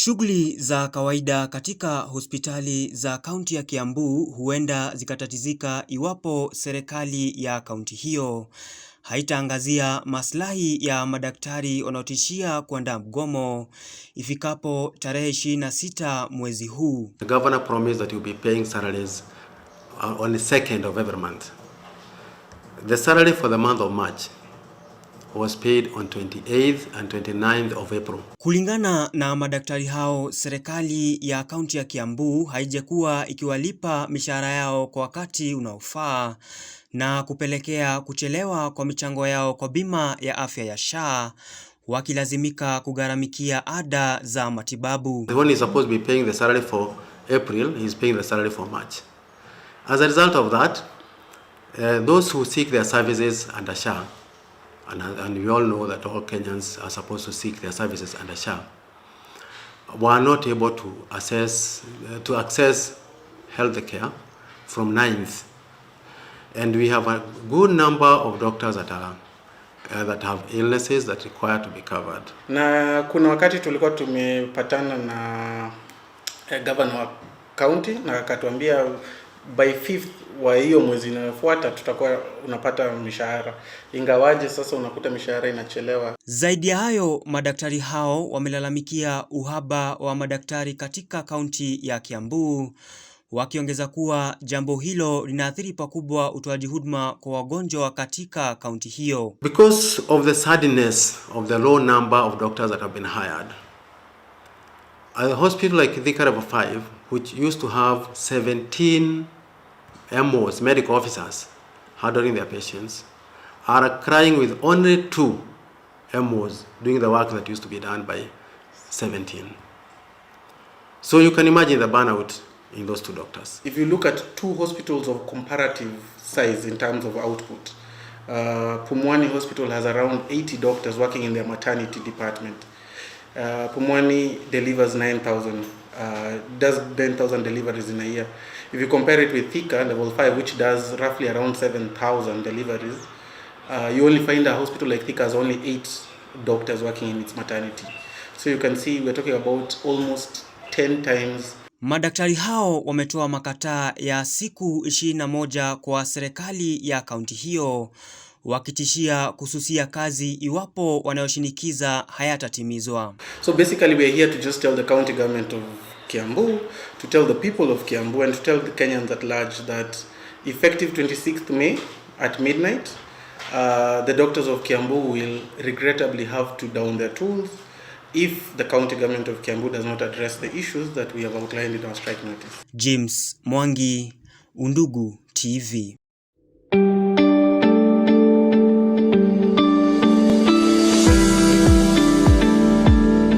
Shughuli za kawaida katika hospitali za kaunti ya Kiambu huenda zikatatizika iwapo serikali ya kaunti hiyo haitaangazia maslahi ya madaktari wanaotishia kuandaa mgomo ifikapo tarehe 26 mwezi huu. The governor promised that he will be paying salaries uh, on the second of every month. The salary for the month of March was paid on 28th and 29th of April. Kulingana na madaktari hao, serikali ya kaunti ya Kiambu haijakuwa ikiwalipa mishahara yao kwa wakati unaofaa na kupelekea kuchelewa kwa michango yao kwa bima ya afya ya SHA wakilazimika kugharamikia ada za matibabu. The one is supposed to be paying the salary for April, he is paying the salary for March. As a result of that, uh, those who seek their services under SHA And, and we all know that all Kenyans are supposed to seek their services under SHA, were not able to, access, uh, to access health care from 9th. And we have a good number of doctors that are Uh, that have illnesses that require to be covered. Na kuna wakati tulikuwa tumepatana na eh, governor wa county na akatuambia by fifth wa hiyo mwezi inayofuata tutakuwa unapata mishahara, ingawaje sasa unakuta mishahara inachelewa. Zaidi ya hayo, madaktari hao wamelalamikia uhaba wa madaktari katika kaunti ya Kiambu, wakiongeza kuwa jambo hilo linaathiri pakubwa utoaji huduma kwa wagonjwa katika kaunti hiyo. Because of the sadness of the low number of doctors that have been hired a hospital like Thika River 5 which used to have 17 MOs, medical officers, handling their patients are crying with only two MOs doing the work that used to be done by 17. So you can imagine the burnout in those two doctors. If you look at two hospitals of comparative size in terms of output, uh, Pumwani Hospital has around 80 doctors working in their maternity department. Uh, Pumwani delivers 9,000 Uh, does 10,000 deliveries in a year. If you compare it with Thika level 5, which does roughly around 7,000 deliveries, uh, you only find a hospital like Thika has only eight doctors working in its maternity. So you can see we're talking about almost 10 times. Madaktari hao wametoa makataa ya siku 21 kwa serikali ya kaunti hiyo wakitishia kususia kazi iwapo wanayoshinikiza hayatatimizwa. So basically we are here to just tell the county government of Kiambu to tell the people of Kiambu and to tell the Kenyans at large that effective 26th May at midnight uh, the doctors of Kiambu will regrettably have to down their tools if the county government of Kiambu does not address the issues that we have outlined in our strike notice. James Mwangi, Undugu TV.